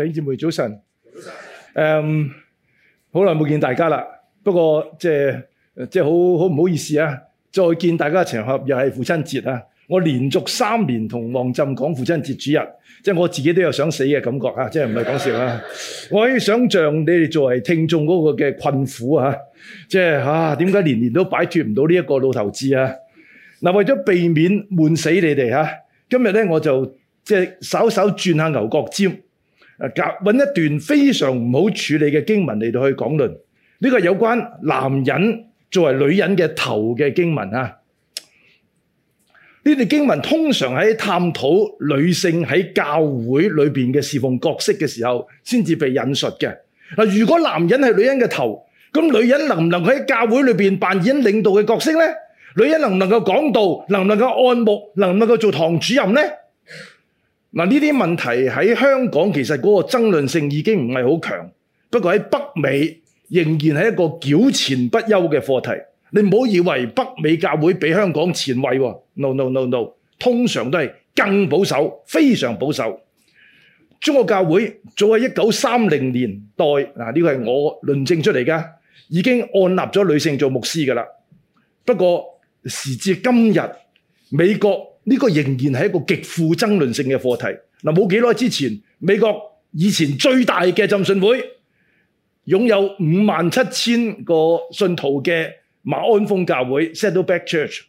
弟兄姐妹早晨，早晨。嗯，好耐冇見大家啦，不過即係即係好好唔好意思啊！再見大家嘅場合，又係父親節啊！我連續三年同旺浸講父親節主日，即係我自己都有想死嘅感覺啊！即係唔係講笑啊。我可以想象你哋作為聽眾嗰個嘅困苦啊！即係啊，點解年年都擺脫唔到呢一個老頭子啊？嗱、啊，為咗避免悶死你哋啊，今日咧我就即係稍稍轉下牛角尖。搵一段非常唔好處理嘅經文嚟到去講論，呢個有關男人作為女人嘅頭嘅經文啊。呢啲經文通常喺探討女性喺教會裏面嘅侍奉角色嘅時候，先至被引述嘅。如果男人係女人嘅頭，咁女人能唔能夠喺教會裏面扮演領導嘅角色呢？女人能唔能夠講道？能唔能夠按牧？能唔能夠做堂主任呢？嗱，呢啲問題喺香港其實嗰個爭論性已經唔係好強，不過喺北美仍然係一個糾纏不休嘅課題。你唔好以為北美教會比香港前衞喎，no no no no，通常都係更保守，非常保守。中國教會早喺一九三零年代呢、呢個係我論證出嚟㗎，已經按立咗女性做牧師㗎啦。不過時至今日，美國呢、這個仍然係一個極富爭論性嘅課題。嗱，冇幾耐之前，美國以前最大嘅浸信會擁有五萬七千個信徒嘅馬鞍峰教會 （Saddleback Church），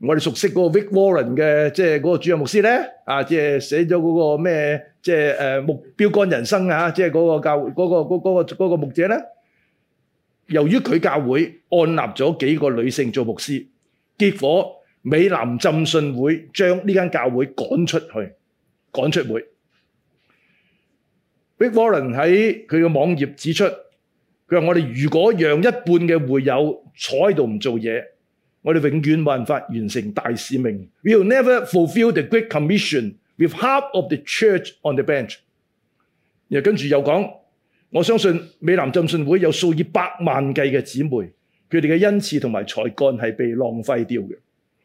我哋熟悉嗰個 Rick Warren 嘅，即係嗰個主任牧師咧，啊，即係寫咗嗰個咩，即係誒目標幹人生啊，即係嗰個教會嗰、那個嗰嗰、那個那個那個那個牧者咧。由於佢教會按立咗幾個女性做牧師，結果。美南浸信會將呢間教會趕出去，趕出會。Rick Warren 喺佢嘅網頁指出，佢話我哋如果讓一半嘅會友坐喺度唔做嘢，我哋永遠冇辦法完成大使命。We will never fulfill the great commission with half of the church on the bench。然後又跟住又講，我相信美南浸信會有數以百萬計嘅姊妹，佢哋嘅恩賜同埋才幹係被浪費掉嘅。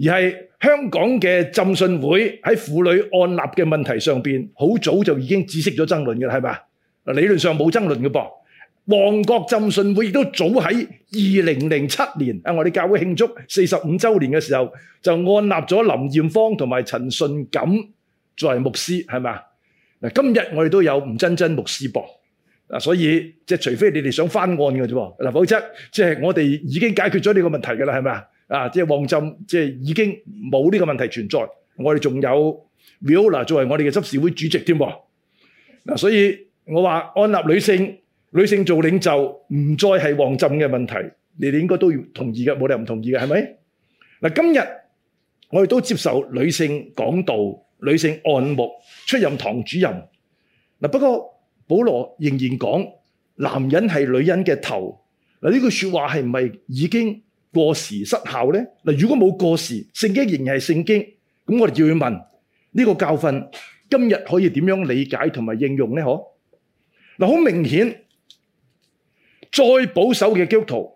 而係香港嘅浸信會喺婦女按立嘅問題上面，好早就已經止息咗爭論嘅，係嘛？理論上冇爭論嘅噃。旺角浸信會亦都早喺二零零七年喺我哋教會慶祝四十五週年嘅時候，就按立咗林艷芳同埋陳信錦作為牧師，係嘛？今日我哋都有吳真真牧師噃，所以即除非你哋想翻案嘅啫，嗱，否則即係我哋已經解決咗呢個問題嘅啦，係咪啊？啊！即係旺浸，即係已經冇呢個問題存在。我哋仲有 Viola 作為我哋嘅執事會主席添喎。嗱，所以我話按立女性，女性做領袖，唔再係旺浸嘅問題。你哋應該都要同意嘅，冇理由唔同意嘅，係咪？嗱，今日我哋都接受女性講道、女性按牧出任堂主任。嗱，不過保羅仍然講男人係女人嘅頭。嗱，呢句説話係唔係已經過時失效呢？嗱，如果冇過時，聖經仍然係聖經，咁我哋就要問呢個教訓今日可以點樣理解同埋應用呢？好嗱，好明顯，再保守嘅基督徒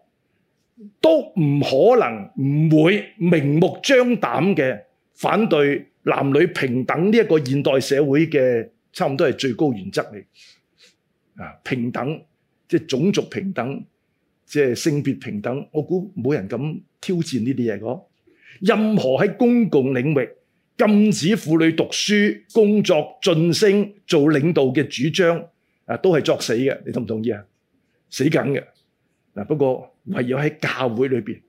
都唔可能唔會明目張膽嘅反對男女平等呢個，現代社會嘅差唔多係最高原則嚟啊，平等即係種族平等。即係性別平等，我估冇人敢挑戰呢啲嘢㗎。任何喺公共領域禁止婦女讀書、工作、晉升、做領導嘅主張啊，都係作死嘅。你同唔同意啊？死緊嘅嗱。不過唯有喺教會裏面，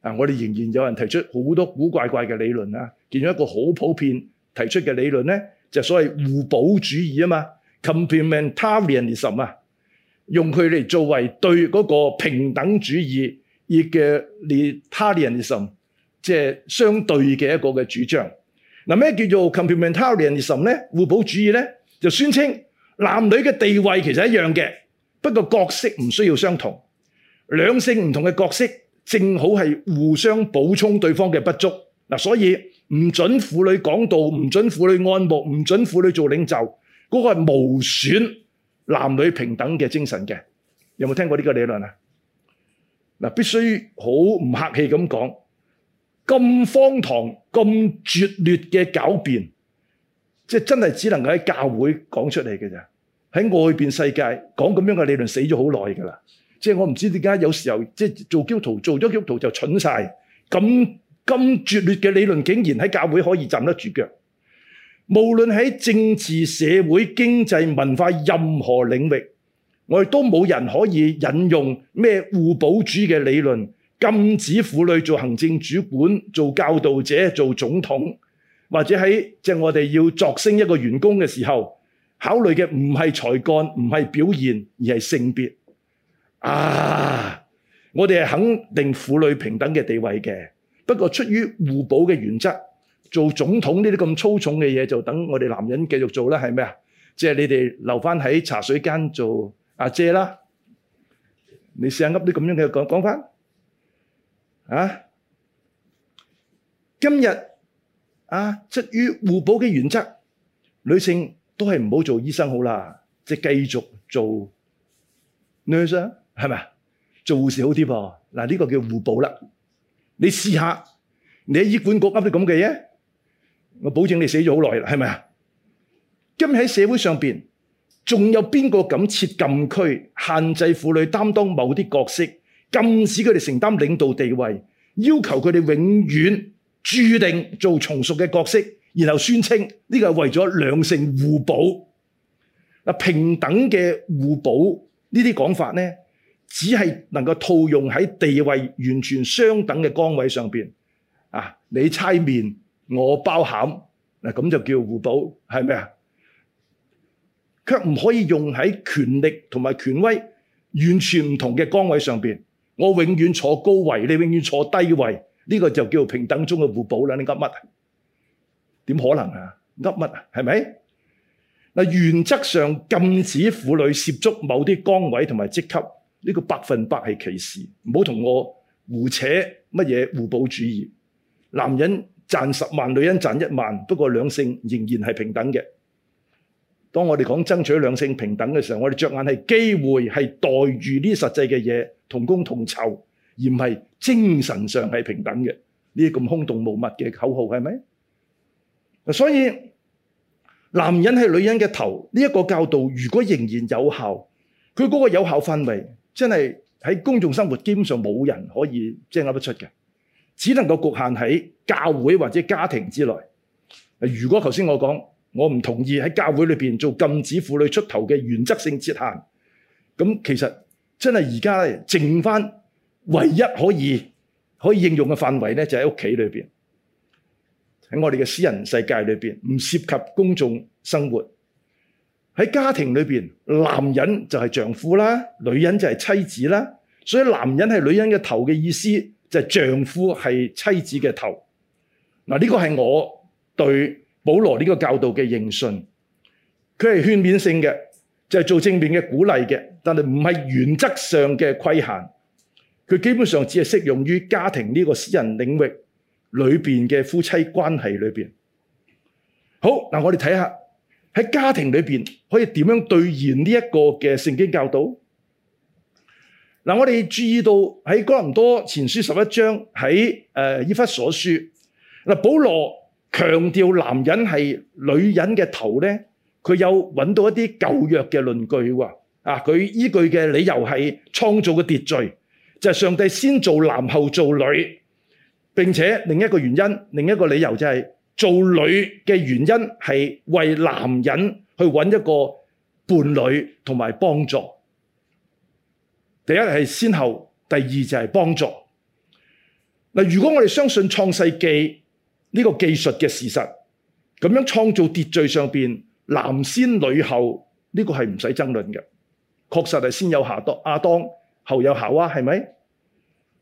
啊，我哋仍然有人提出好多古怪怪嘅理論啦。見咗一個好普遍提出嘅理論咧，就係所謂互補主義啊嘛，complementarianism 啊。用佢嚟作為對嗰個平等主義而嘅 complementarianism，即係相對嘅一個嘅主張。嗱，咩叫做 complementarianism 咧？互補主義呢，就宣稱男女嘅地位其實一樣嘅，不過角色唔需要相同，兩性唔同嘅角色正好係互相補充對方嘅不足。嗱，所以唔准婦女講道，唔准婦女按牧，唔准婦女做領袖，嗰個係無損。男女平等嘅精神嘅，有冇聽過呢個理論啊？嗱，必須好唔客氣咁講，咁荒唐、咁拙劣嘅狡辯，即係真係只能夠喺教會講出嚟嘅啫，喺外邊世界講咁樣嘅理論死咗好耐噶啦！即係我唔知點解有時候即係做基督徒做咗基督徒就蠢晒，咁咁拙劣嘅理論竟然喺教會可以站得住腳？無論喺政治、社會、經濟、文化任何領域，我哋都冇人可以引用咩互補主義嘅理論禁止婦女做行政主管、做教導者、做總統，或者喺我哋要擢升一個員工嘅時候，考慮嘅唔係才幹、唔係表現，而係性別。啊！我哋係肯定婦女平等嘅地位嘅，不過出於互補嘅原則。做總統呢啲咁粗重嘅嘢，就等我哋男人繼續做啦，係咪啊？即係你哋留返喺茶水間做阿姐啦。你試下噏啲咁樣嘅講講法啊！今日啊，出於互補嘅原則，女性都係唔好做醫生好啦，即係繼續做 nurse 係咪啊？做護士好啲噃。嗱，呢個叫互補啦。你試下你喺醫管局噏啲咁嘅嘢。我保證你寫咗好耐啦，係咪啊？今日喺社會上邊仲有邊個敢設禁區、限制婦女擔當某啲角色，禁止佢哋承擔領導地位，要求佢哋永遠註定做從屬嘅角色，然後宣稱呢個係為咗兩性互補平等嘅互補。呢啲講法呢，只係能夠套用喺地位完全相等嘅崗位上面。啊！你猜面？我包涵那就叫互補，係咪啊？卻唔可以用喺權力同埋權威完全唔同嘅崗位上邊。我永遠坐高位，你永遠坐低位，呢、這個就叫平等中嘅互補啦。你噏乜？點可能啊？噏乜啊？係咪？原則上禁止婦女涉足某啲崗位同埋職級，呢、這個百分百係歧視。唔好同我胡扯乜嘢互補主義，男人，賺十萬，女人賺一萬，不過兩性仍然係平等嘅。當我哋講爭取兩性平等嘅時候，我哋着眼係機會、係待遇呢實際嘅嘢，同工同酬，而唔係精神上係平等嘅。呢啲咁空洞無物嘅口號係咪？所以男人係女人嘅頭呢一個教導，如果仍然有效，佢嗰個有效範圍真係喺公眾生活基本上冇人可以爭拗得出嘅。只能夠局限喺教會或者家庭之內。如果頭先我講，我唔同意喺教會裏面做禁止婦女出頭嘅原則性設限，咁其實真係而家淨返唯一可以可以應用嘅範圍呢，就喺屋企裏面。喺我哋嘅私人世界裏面，唔涉及公眾生活。喺家庭裏面，男人就係丈夫啦，女人就係妻子啦，所以男人係女人嘅頭嘅意思。就是、丈夫係妻子嘅頭，這呢個係我對保羅呢個教導嘅認信。佢係勸勉性嘅，就係、是、做正面嘅鼓勵嘅，但係唔係原則上嘅規限。佢基本上只係適用於家庭呢個私人領域裏面嘅夫妻關係裏面。好，嗱我哋睇下喺家庭裏面可以點樣兌現呢一個嘅聖經教導。嗱，我哋注意到喺哥林多前書十一章喺呃以弗所書，嗱保羅強調男人係女人嘅頭呢，佢有揾到一啲舊約嘅論據喎，啊佢依據嘅理由係創造嘅秩序，就係上帝先做男後做女，並且另一個原因，另一個理由就係做女嘅原因係為男人去揾一個伴侶同埋幫助。第一是先後，第二就是幫助。如果我們相信創世記這個技術的事實，咁樣創造秩序上面男先女後，這個是不用爭論的，確實是先有夏當亞當，後有夏娃，是不是？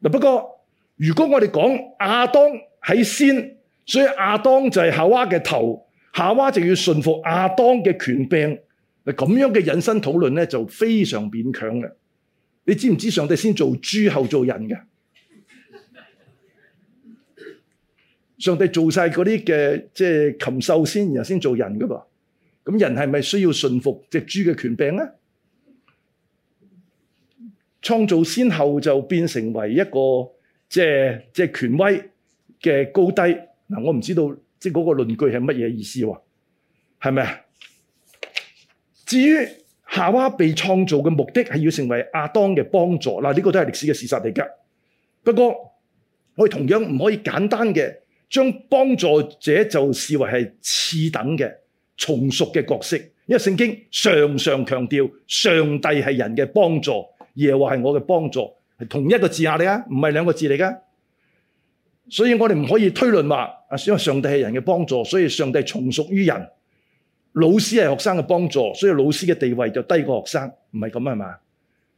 不過如果我們講亞當在先，所以亞當就是夏娃的頭，夏娃就要順服亞當的權柄，這樣的引申討論就非常勉強嘅。你知唔知上帝先做豬後做人嘅？上帝做晒嗰啲嘅，即係禽獸先，然後先做人噶噃。咁人係咪需要順服隻豬嘅權柄咧？創造先後就變成為一個，即係即係權威嘅高低。嗱，我唔知道即係嗰個論據係乜嘢意思喎？係咪？至於。夏娃被創造嘅目的係要成為阿當嘅幫助，嗱呢個都係歷史嘅事實嚟嘅。不過我哋同樣唔可以簡單嘅將幫助者就視為係次等嘅從屬嘅角色，因為聖經常常強調上帝係人嘅幫助，耶和華係我嘅幫助，係同一個字嚟啊，唔係兩個字嚟噶。所以我哋唔可以推論話因為上帝係人嘅幫助，所以上帝從屬於人。老師係學生嘅幫助，所以老師嘅地位就低過學生，唔係這樣嘛？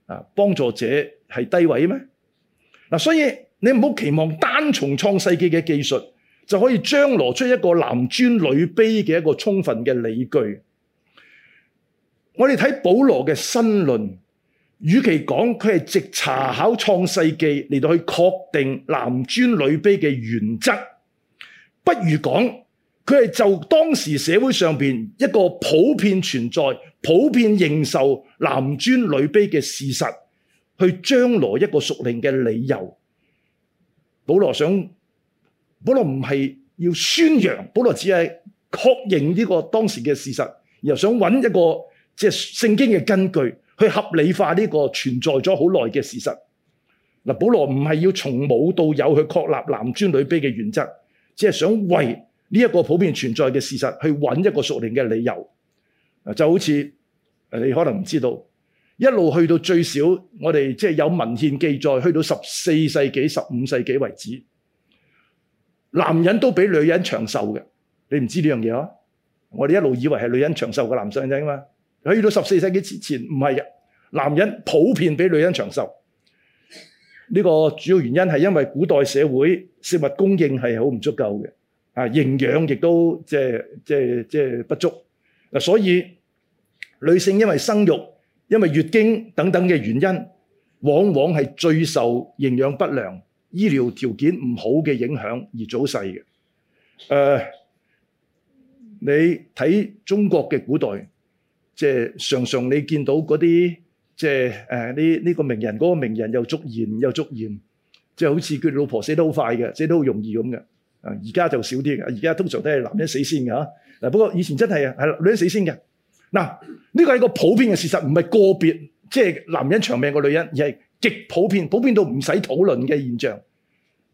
啊，幫助者係低位咩？嗱，所以你唔好期望單從創世記嘅技術就可以將攞出一個男尊女卑嘅一個充分嘅理據。我哋睇保羅嘅新論，與其講佢係直查考創世記嚟到去確定男尊女卑嘅原則，不如講。佢係就當時社會上面一個普遍存在、普遍認受男尊女卑嘅事實，去將來一個屬靈嘅理由。保羅想，保羅唔係要宣揚，保羅只係確認呢個當時嘅事實，然後想揾一個即係聖經嘅根據去合理化呢個存在咗好耐嘅事實。嗱，保羅唔係要從冇到有去確立男尊女卑嘅原則，只係想為。呢一個普遍存在嘅事實，去揾一個熟練嘅理由，就好似你可能唔知道，一路去到最少我哋即係有文獻記載，去到十四世紀、十五世紀為止，男人都比女人長壽嘅。你唔知呢樣嘢啊？我哋一路以為係女人長壽嘅男性仔啊嘛。去到十四世紀之前，唔係嘅，男人普遍比女人長壽。呢個主要原因係因為古代社會食物供應係好唔足夠嘅。啊，營養亦都即即即不足，所以女性因為生育、因為月經等等嘅原因，往往係最受營養不良、醫療條件唔好嘅影響而早逝嘅，呃，你睇中國嘅古代，即常常你見到嗰啲即係呢個名人，嗰、嗰個名人又續弦又續弦，即好似佢老婆死得好快嘅，死得好容易咁嘅。而家就少啲嘅，而家通常都係男人死先嘅。不過以前真係啊，女人死先嘅。嗱，呢個係個普遍嘅事實，唔係個別，即係男人長命過女人，而係極普遍，普遍到唔使討論嘅現象。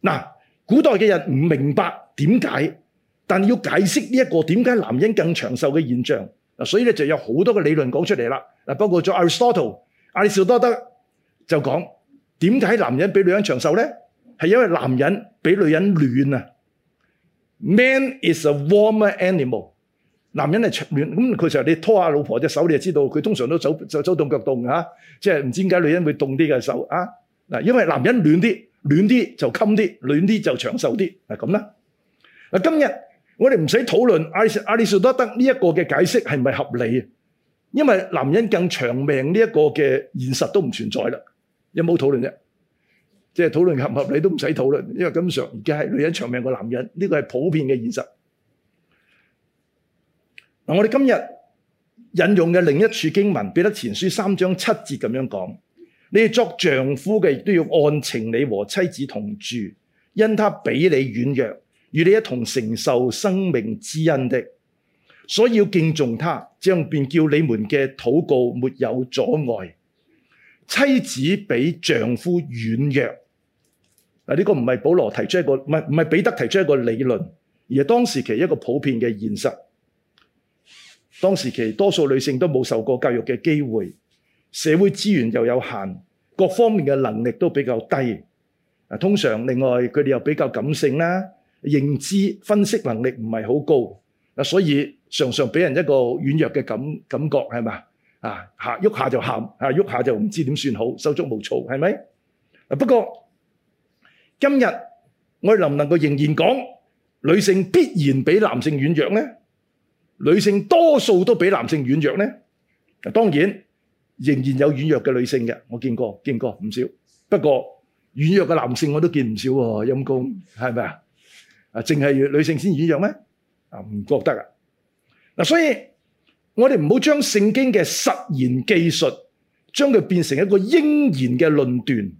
嗱，古代嘅人唔明白點解，但要解釋呢一個點解男人更長壽嘅現象，所以咧就有好多嘅理論講出嚟啦。嗱，包括咗 Aristotle 阿里士多德就講點解男人比女人長壽咧？係因為男人比女人暖啊！Man is a warmer animal，男人係暖，咁佢就你拖下老婆隻手，你就知道佢通常都手手手凍腳凍吓，即係唔知點解女人會凍啲嘅手啊，嗱，因為男人暖啲，暖啲就冚啲，暖啲就長壽啲，係咁啦。嗱，今日我哋唔使討論阿里阿里士多德呢一個嘅解釋係咪合理，因為男人更長命呢一個嘅現實都唔存在啦，有冇討論啫？即係討論合唔合理都唔使討論，因為根本上而家係女人長命過男人，呢個係普遍嘅現實。嗱，我哋今日引用嘅另一處經文，彼得前書三章七節咁樣講：你作丈夫嘅亦都要按情理和妻子同住，因他比你軟弱，與你一同承受生命之恩的，所以要敬重他，這樣便叫你們嘅禱告沒有阻礙。妻子比丈夫軟弱。啊！呢個唔係保羅提出一個，唔係唔係彼得提出一個理論，而係當時期一個普遍嘅現實。當時期多數女性都冇受過教育嘅機會，社會資源又有限，各方面嘅能力都比較低。啊，通常另外佢哋又比較感性啦，認知分析能力唔係好高。啊，所以常常俾人一個軟弱嘅感，感覺，係嘛？啊，吓喐下就喊，啊喐下就唔知點算好，手足無措，係咪？不過。今日我哋能唔能夠仍然講女性必然比男性軟弱呢？女性多數都比男性軟弱呢？當然仍然有軟弱嘅女性嘅，我見過見過唔少。不過軟弱嘅男性我都見唔少喎，陰公，係咪啊？啊，淨係女性先軟弱咩？啊，唔覺得啊？嗱，所以我哋唔好將聖經嘅實驗技術，將佢變成一個應然嘅論斷。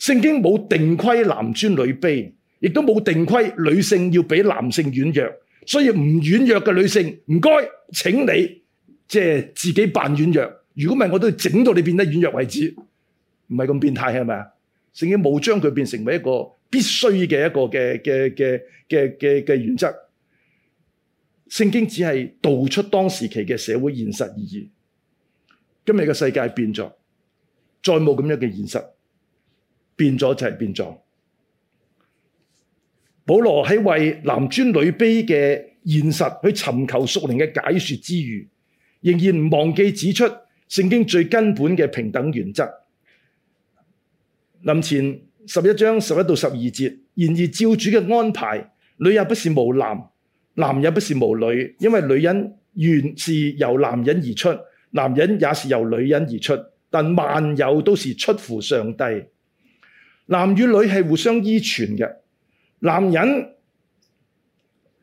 聖經冇定規男尊女卑，亦都冇定規女性要俾男性軟弱，所以唔軟弱嘅女性唔該，請你即係自己扮軟弱。如果唔係，我都要整到你變得軟弱為止，唔係咁變態係咪啊？聖經冇將佢變成為一個必須嘅一個嘅嘅嘅嘅原則。聖經只係道出當時期嘅社會現實而已。今日嘅世界變咗，再冇咁樣嘅現實。變咗就係變咗。保羅喺為男尊女卑嘅現實去尋求屬靈嘅解說之餘，仍然唔忘記指出聖經最根本嘅平等原則。林前十一章十一到十二節，然而照主嘅安排，女也不是無男，男也不是無女，因為女人原是由男人而出，男人也是由女人而出，但萬有都是出乎上帝。男與女係互相依存嘅，男人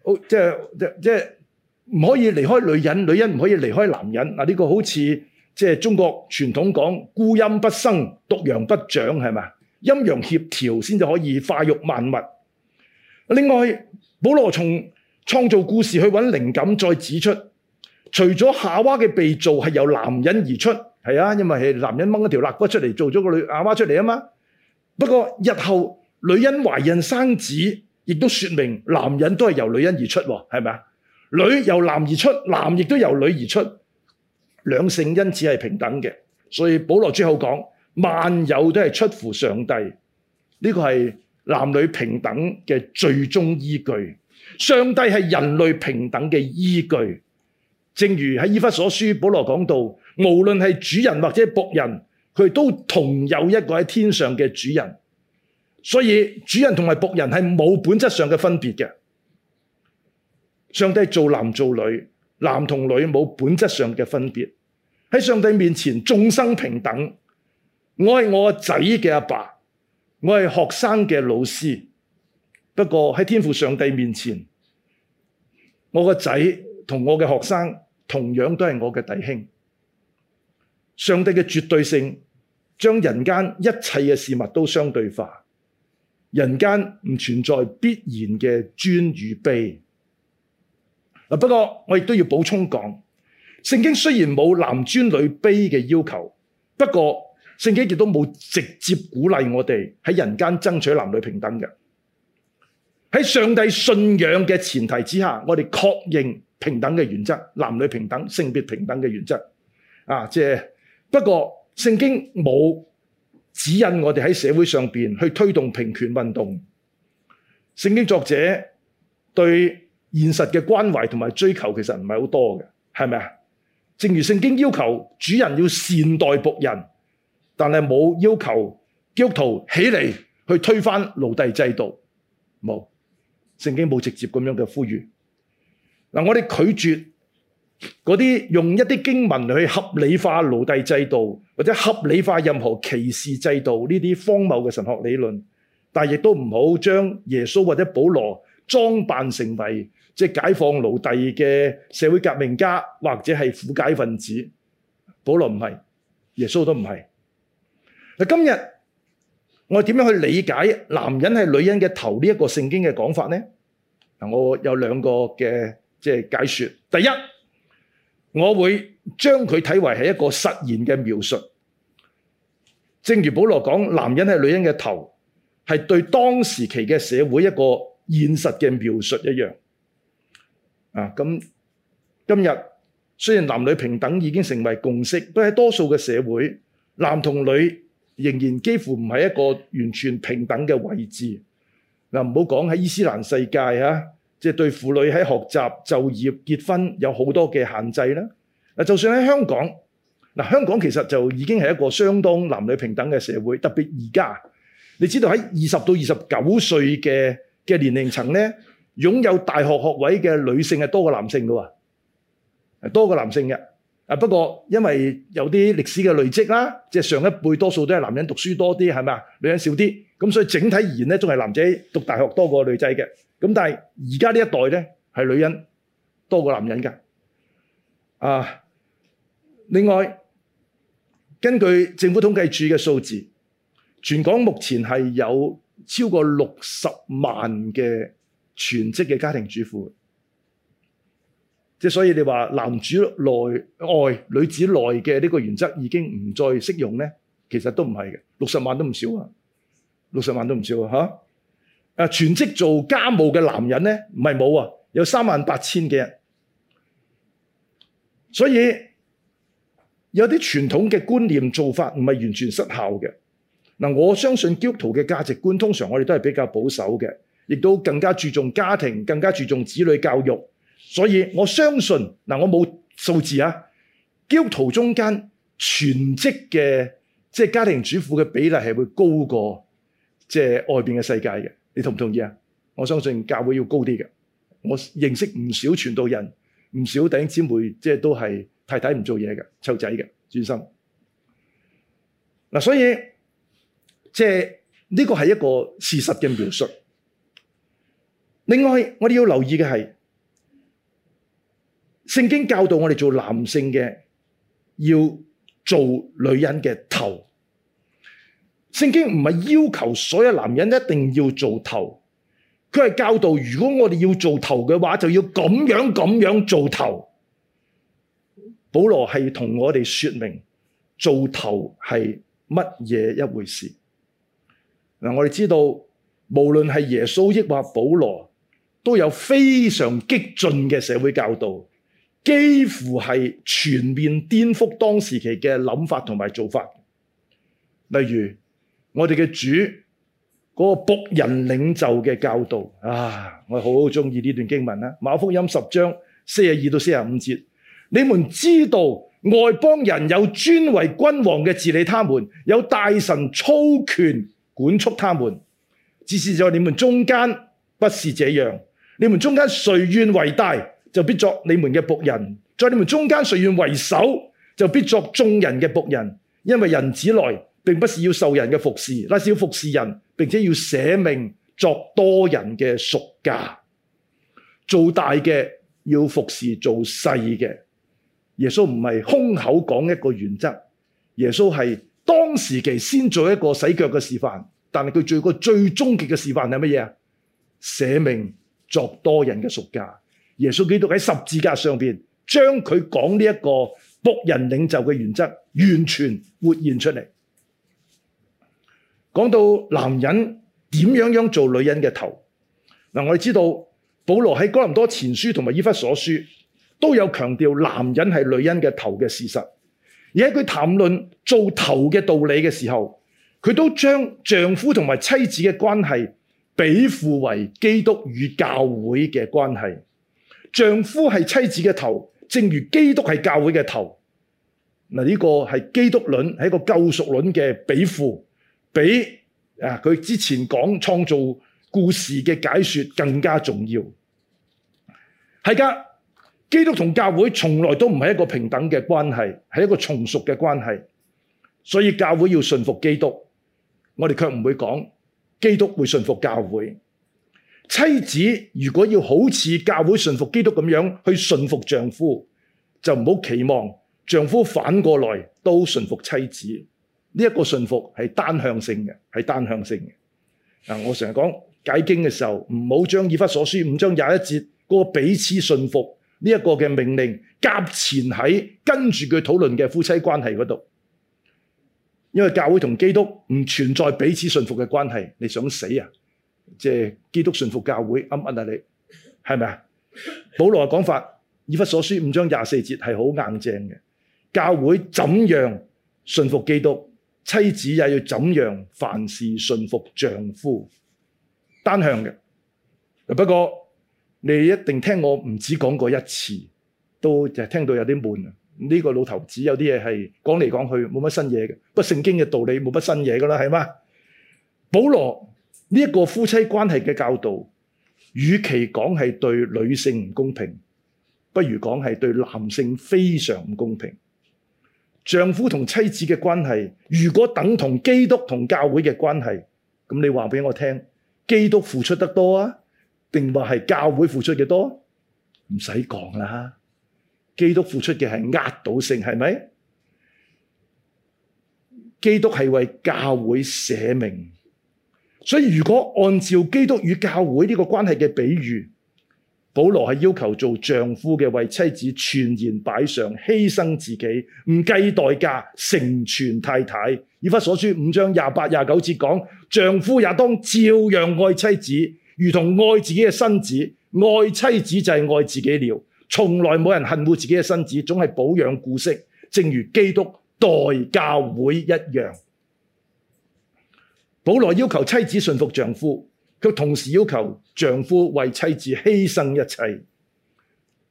即係即係唔可以離開女人，女人唔可以離開男人。嗱，呢個好似即係中國傳統講孤陰不生，獨陽不長，係咪啊？陰陽協調先就可以化育萬物。另外，保羅從創造故事去揾靈感，再指出，除咗夏娃嘅被造係由男人而出，係啊，因為係男人掹一條肋骨出嚟做咗個女夏娃出嚟啊嘛。不過日後女人懷孕生子，亦都說明男人都係由女人而出，係咪？女由男而出，男亦都由女而出，兩性因此係平等嘅。所以保羅最後講，萬有都係出乎上帝，呢、這個係男女平等嘅最終依據。上帝係人類平等嘅依據，正如喺以弗所書保羅講到，無論係主人或者僕人。佢都同有一個喺天上嘅主人，所以主人同埋僕人係冇本質上嘅分別嘅。上帝做男做女，男同女冇本質上嘅分別。喺上帝面前，眾生平等。我係我仔嘅阿爸，我係學生嘅老師。不過喺天父上帝面前，我個仔同我嘅學生同樣都係我嘅弟兄。上帝嘅絕對性，將人間一切嘅事物都相對化。人間唔存在必然嘅尊與卑。不過我亦都要補充講，聖經雖然冇男尊女卑嘅要求，不過聖經亦都冇直接鼓勵我哋喺人間爭取男女平等嘅。喺上帝信仰嘅前提之下，我哋確認平等嘅原則，男女平等、性別平等嘅原則。啊，即不過聖經冇指引我哋喺社會上面去推動平權運動，聖經作者對現實嘅關懷同埋追求其實唔係好多㗎，係咪？正如聖經要求主人要善待僕人，但係冇要求基督徒起嚟去推翻奴隸制度，冇。聖經冇直接咁樣嘅呼籲。嗱，我哋拒絕。嗰啲用一啲經文去合理化奴隸制度，或者合理化任何歧視制度呢啲荒謬嘅神學理論，但係亦都唔好將耶穌或者保羅裝扮成為即係解放奴隸嘅社會革命家，或者係苦解分子。保羅唔係，耶穌都唔係。嗱，今日我點樣去理解男人係女人嘅頭呢一個聖經嘅講法呢？嗱，我有兩個嘅即係解說。第一。我會將佢睇為係一個實然嘅描述，正如保羅講，男人係女人嘅頭，係對當時期嘅社會一個現實嘅描述一樣。啊，咁今日雖然男女平等已經成為共識，但係多數嘅社會，男同女仍然幾乎唔係一個完全平等嘅位置。嗱，唔好講喺伊斯蘭世界吓。即係對婦女喺學習、就業、結婚有好多嘅限制啦。嗱，就算喺香港，嗱香港其實就已經係一個相當男女平等嘅社會，特別而家，你知道喺二十到二十九歲嘅嘅年齡層咧，擁有大學學位嘅女性係多過男性嘅喎，多過男性嘅。啊，不過因為有啲歷史嘅累積啦，即係上一輩多數都係男人讀書多啲，係咪啊？女人少啲。咁所以整體而言咧，仲係男仔讀大學多過女仔嘅。咁但係而家呢一代咧，係女人多過男人㗎。啊，另外根據政府統計處嘅數字，全港目前係有超過六十萬嘅全職嘅家庭主婦。即係所以你話男主內外、女主內嘅呢個原則已經唔再適用咧，其實都唔係嘅，六十萬都唔少啊。六十萬都唔少啊！吓，全職做家務嘅男人呢，唔係冇啊，有三萬八千幾人。所以有啲傳統嘅觀念做法唔係完全失效嘅。我相信基督徒嘅價值觀通常我哋都係比較保守嘅，亦都更加注重家庭，更加注重子女教育。所以我相信我冇數字啊。基督徒中間全職嘅即係家庭主婦嘅比例係會高過。即係外邊嘅世界嘅，你同唔同意啊？我相信教會要高啲嘅。我認識唔少傳道人，唔少弟兄姊妹，即係都係太太唔做嘢嘅，湊仔嘅，專心。嗱，所以即係呢個係一個事實嘅描述。另外，我哋要留意嘅係，聖經教導我哋做男性嘅要做女人嘅頭。聖經唔係要求所有男人一定要做頭，佢係教導：如果我哋要做頭嘅話，就要咁樣咁樣做頭。保羅係同我哋說明做頭係乜嘢一回事。嗱，我哋知道，無論係耶穌抑或保羅，都有非常激進嘅社會教導，幾乎係全面顛覆當時期嘅諗法同埋做法。例如，我哋嘅主嗰、那個僕人領袖嘅教導啊，我好鍾意呢段經文啦。馬福音十章四十二到四十五節，你們知道外邦人有尊為君王嘅治理，他們有大臣操權管束他們，只是在你們中間不是這樣。你們中間誰願為大，就必作你們嘅僕人；在你們中間誰願為首，就必作眾人嘅僕人，因為人子來。並不是要受人嘅服侍，乃是要服侍人，並且要捨命作多人嘅贖價。做大嘅要服侍做細嘅。耶穌唔係空口講一個原則，耶穌係當時期先做一個洗腳嘅示範，但係佢做一個最終極嘅示範係乜嘢啊？捨命作多人嘅贖價。耶穌基督喺十字架上邊將佢講呢一個僕人領袖嘅原則完全活現出嚟。講到男人點樣樣做女人嘅頭，我哋知道保羅喺哥林多前書同埋以弗所書都有強調男人係女人嘅頭嘅事實。而喺佢談論做頭嘅道理嘅時候，佢都將丈夫同埋妻子嘅關係比附為基督與教會嘅關係。丈夫係妻子嘅頭，正如基督係教會嘅頭。嗱，呢個係基督論係一個救贖論嘅比附。比啊佢之前講創造故事嘅解說更加重要，係噶。基督同教會從來都唔係一個平等嘅關係，係一個從屬嘅關係，所以教會要順服基督，我哋卻唔會講基督會順服教會。妻子如果要好似教會順服基督咁樣去順服丈夫，就唔好期望丈夫反過來都順服妻子。呢一個順服係單向性嘅，係單向性嘅。我成日講解經嘅時候，唔好將以弗所書五章廿一節嗰個彼此順服呢一個嘅命令夾纏喺跟住佢討論嘅夫妻關係嗰度，因為教會同基督唔存在彼此順服嘅關係。你想死啊？即係基督順服教會，啱唔啱啊？你係咪啊？保羅嘅講法，以弗所書五章廿四節係好硬正嘅。教會怎樣順服基督？妻子也要怎樣？凡事順服丈夫，單向嘅。不過你一定聽我唔止講過一次，都就聽到有啲悶。呢個老頭子有啲嘢係講嚟講去冇乜新嘢嘅，不聖經嘅道理冇乜新嘢嘅啦，係嘛？保羅呢個夫妻關係嘅教導，與其講係對女性唔公平，不如講係對男性非常唔公平。丈夫同妻子嘅關係，如果等同基督同教會嘅關係，咁你話俾我聽，基督付出得多啊，定係教會付出得多？唔使講啦。保羅係要求做丈夫嘅為妻子全然擺上，犧牲自己，唔計代價成全太太。以弗所書五章廿八廿九節講，丈夫也當照樣愛妻子，如同愛自己嘅身子，愛妻子就係愛自己了。從來冇人恨惡自己嘅身子，總係保養顧惜，正如基督待教會一樣。保羅要求妻子順服丈夫。佢同時要求丈夫為妻子犧牲一切。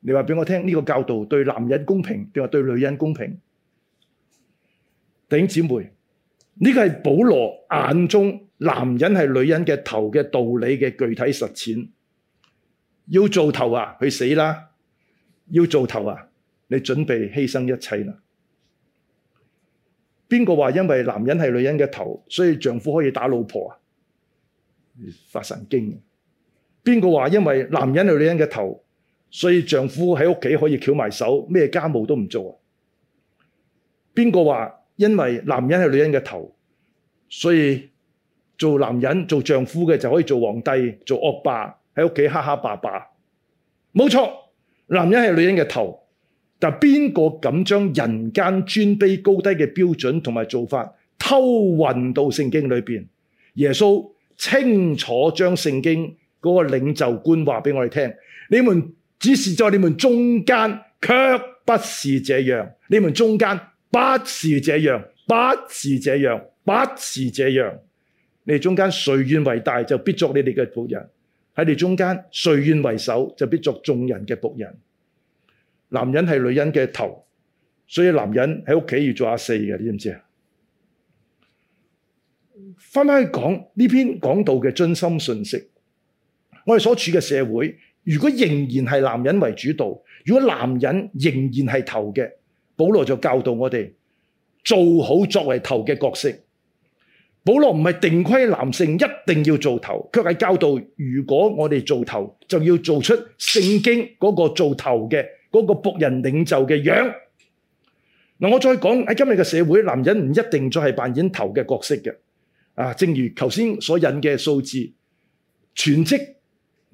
你話俾我聽，呢個教導對男人公平定話對女人公平？頂姐妹，呢個係保羅眼中男人係女人嘅頭嘅道理嘅具體實踐。要做頭啊，去死啦！要做頭啊，你準備犧牲一切啦！邊個話因為男人係女人嘅頭，所以丈夫可以打老婆啊？發神經嘅，邊個話因為男人係女人嘅頭，所以丈夫喺屋企可以翹埋手，咩家務都唔做啊？邊個話因為男人係女人嘅頭，所以做男人做丈夫嘅就可以做皇帝、做惡霸，喺屋企蝦蝦霸霸？冇錯，男人係女人嘅頭，但係邊個敢將人間尊卑高低嘅標準同埋做法偷運到聖經裏邊？耶穌？清楚將聖經嗰個領袖觀話俾我哋聽，你們只是在你們中間，卻不是這樣。你們中間不是這樣，不是這樣，不是這樣。你哋中間誰願為大，就必作你哋嘅僕人；喺你哋中間誰願為首，就必作眾人嘅僕人。男人係女人嘅頭，所以男人喺屋企要做阿四嘅，你知唔知啊？翻返去講呢篇講道嘅真心信息，我哋所處嘅社會，如果仍然係男人為主導，如果男人仍然係頭嘅，保羅就教導我哋做好作為頭嘅角色。保羅唔係定規男性一定要做頭，卻係教導如果我哋做頭，就要做出聖經嗰個做頭嘅嗰個僕人領袖嘅樣。嗱，我再講，喺今日嘅社會，男人唔一定再係扮演頭嘅角色嘅。啊！正如頭先所引嘅數字，全職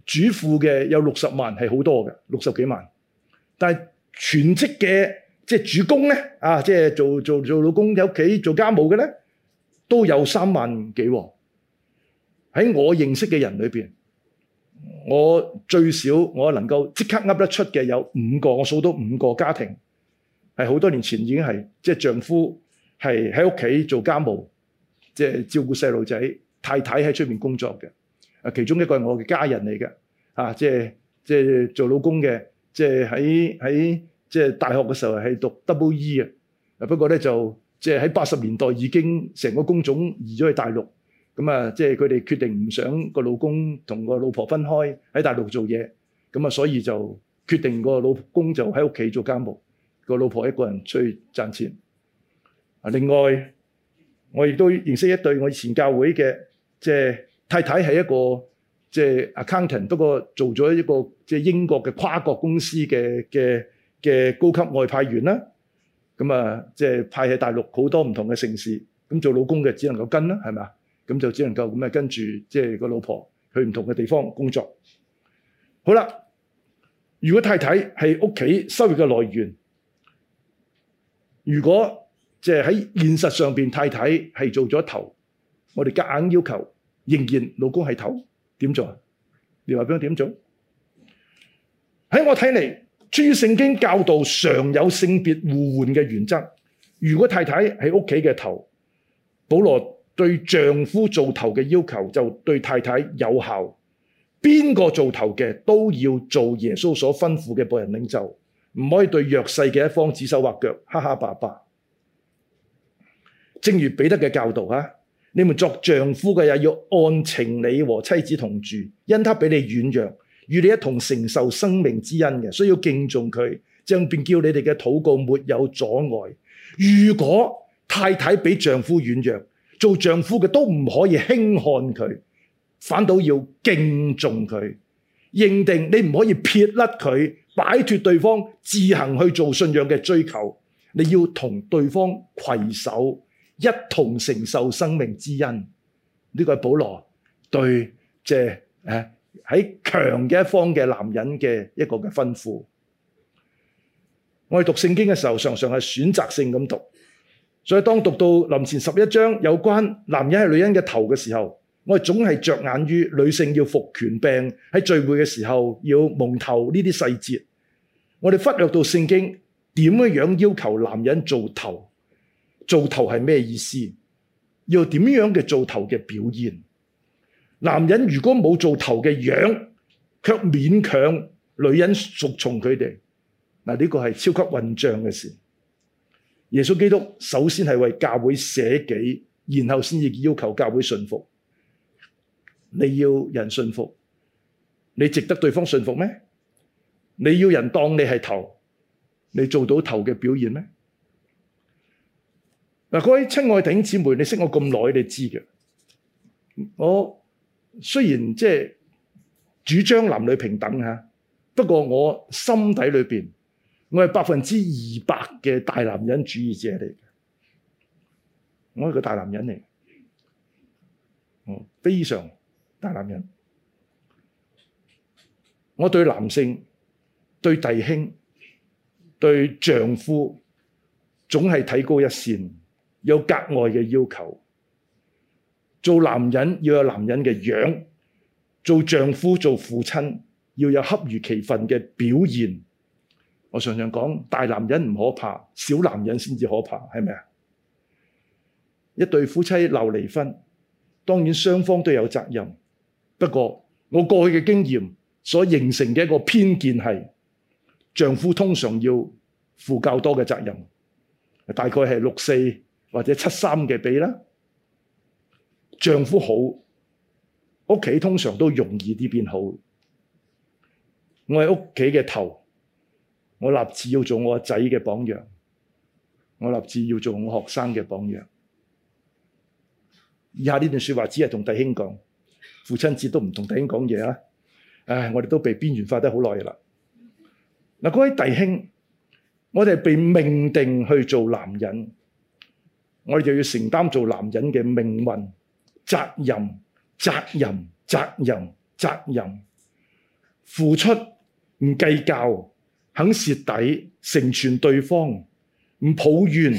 主婦嘅有六十萬係好多嘅，六十幾萬。但係全職嘅即係主工呢，啊即係做做做老公喺屋企做家務嘅呢，都有三萬幾喎。喺我認識嘅人裏面，我最少我能夠即刻噏得出嘅有五個，我數到五個家庭係好多年前已經係即係丈夫係喺屋企做家務。即、就、係、是、照顧細路仔，太太喺出面工作嘅。啊，其中一個係我嘅家人嚟嘅。啊，即係即係做老公嘅，即係喺喺即係大學嘅時候係讀 Double E 嘅。不過咧就即係喺八十年代已經成個工種移咗去大陸。咁、嗯、啊，即係佢哋決定唔想個老公同個老婆分開喺大陸做嘢。咁、嗯、啊，所以就決定個老公就喺屋企做家務，個老婆一個人出去賺錢。啊，另外。我亦都認識一對我以前教會嘅，即係太太係一個即係 accountant，不過做咗一個即係英國嘅跨國公司嘅嘅嘅高級外派員啦。咁啊，即係派喺大陸好多唔同嘅城市，咁做老公嘅只，只能夠跟啦，係咪啊？咁就只能夠咁啊，跟住即係個老婆去唔同嘅地方工作。好啦，如果太太係屋企收入嘅來源，如果，即係喺現實上面，太太係做咗頭，我哋夾硬要求，仍然老公係頭，點做？你話畀我點做？喺我睇嚟，注意聖經教導常有性別互換嘅原則。如果太太喺屋企嘅頭，保羅對丈夫做頭嘅要求就對太太有效。邊個做頭嘅都要做耶穌所吩咐嘅僕人領袖，唔可以對弱勢嘅一方指手畫腳、蝦蝦霸霸。正如彼得嘅教導，你們作丈夫嘅也要按情理和妻子同住，因他比你軟弱，與你一同承受生命之恩嘅，需要敬重佢，這樣便叫你哋嘅禱告沒有阻礙。如果太太比丈夫軟弱，做丈夫嘅都唔可以輕看佢，反倒要敬重佢，認定你唔可以撇甩佢，擺脫對方自行去做信仰嘅追求，你要同對方攜手。一同承受生命之恩，呢個係保羅對即喺強嘅一方嘅男人嘅一個嘅吩咐。我哋讀聖經嘅時候，常常係選擇性咁讀。所以當讀到林前十一章有關男人係女人嘅頭嘅時候，我哋總係着眼於女性要服權柄，喺聚會嘅時候要蒙頭呢啲細節。我哋忽略到聖經點嘅樣要求男人做頭。做頭是什麼意思？要怎樣做頭的表現？男人如果沒有做頭的樣，卻勉強女人服從他們。嗱，這個是超級混帳的事。耶穌基督首先是為教會捨己，然後才要求教會順服。你要人順服。你值得對方順服嗎？你要人當你是頭。你做到頭的表現嗎？嗱，各位親愛弟兄姐妹，你認識我咁耐，你知嘅。我雖然即係主張男女平等吓，不過我心底裏面，我係百分之二百嘅大男人主義者嚟嘅。我係個大男人嚟，嗯，非常大男人。我對男性、對弟兄、對丈夫，總係睇高一線，有格外嘅要求，做男人要有男人嘅樣，做丈夫、做父親要有恰如其分嘅表現。我常常講，大男人唔可怕，小男人先至可怕，係咪啊？一對夫妻鬧離婚，當然雙方都有責任。不過我過去嘅經驗所形成嘅一個偏見，係丈夫通常要負較多嘅責任，大概係六四。或者七三嘅比啦，丈夫好，屋企通常都容易啲變好。我係屋企嘅頭，我立志要做我仔嘅榜樣，我立志要做我學生嘅榜樣。以下呢段話說，說話只係同弟兄講，父親節都唔同弟兄講嘢啦。唉，我哋都被邊緣化得好耐啦。嗱，各位弟兄，我哋被命定去做男人。我哋就要承擔做男人嘅命運、責任、責任、責任、責任，付出唔計較，肯蝕底，成全對方，唔抱怨，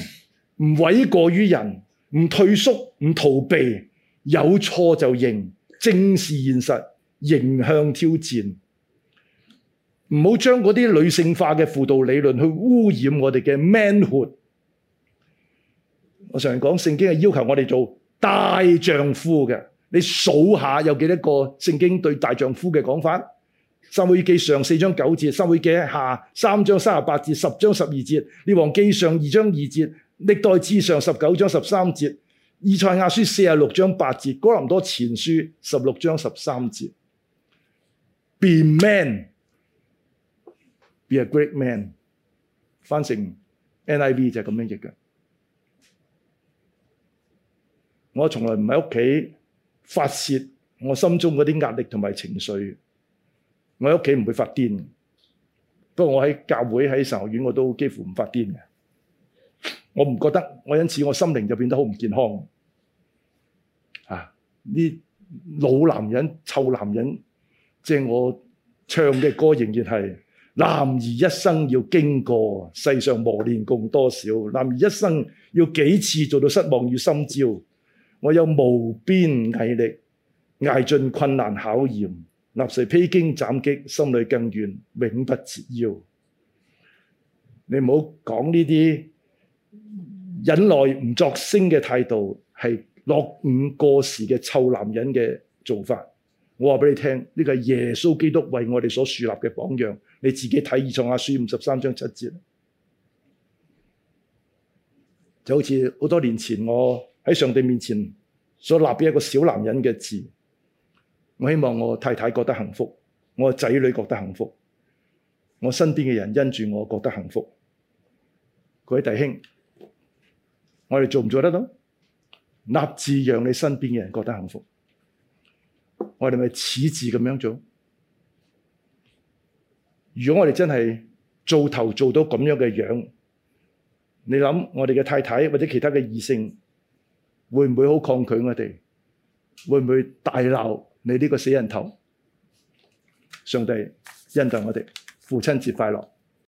唔委過於人，唔退縮，唔逃避，有錯就認，正視現實，迎向挑戰。唔好將嗰啲女性化嘅輔導理論去污染我哋嘅 manhood。我常講聖經係要求我哋做大丈夫嘅。你數下有幾多個聖經對大丈夫嘅講法？撒母耳記上四章九節，撒母耳記下三章三十八節，十章十二節。列王記上二章二節，歷代志上十九章十三節，以賽亞書四十六章八節，哥林多前書十六章十三節。Be man, be a great man。翻成 NIV 就係咁樣譯嘅。我從來唔喺屋企發洩我心中嗰啲壓力同埋情緒。我喺屋企唔會發癲。不過我喺教會，喺神學院我都幾乎唔發癲。我唔覺得，我因此我心靈就變得好唔健康。啊，呢老男人、臭男人，即係我唱嘅歌仍然係，男兒一生要經過世上磨練共多少，男兒一生要幾次做到失望與心焦。我有無邊毅力，捱盡困難考驗，納受披荊斬棘，心裏更願永不折腰。你唔好講呢啲忍耐唔作聲嘅態度，係落伍過時嘅臭男人嘅做法。我話俾你聽，呢個係耶穌基督為我哋所樹立嘅榜樣。你自己睇《以賽亞書》五十三章七節，就好似好多年前我。喺上帝面前所立嘅一個小男人嘅志。我希望我太太覺得幸福，我仔女覺得幸福，我身邊嘅人因著我覺得幸福。各位弟兄，我哋做唔做得到？立志讓你身邊嘅人覺得幸福，我哋咪是是此志咁樣做。如果我哋真係做頭做到咁樣嘅樣，你諗我哋嘅太太或者其他嘅異性？會唔會好抗拒我哋？會唔會大鬧你呢個死人頭？上帝恩待我哋，父親節快樂。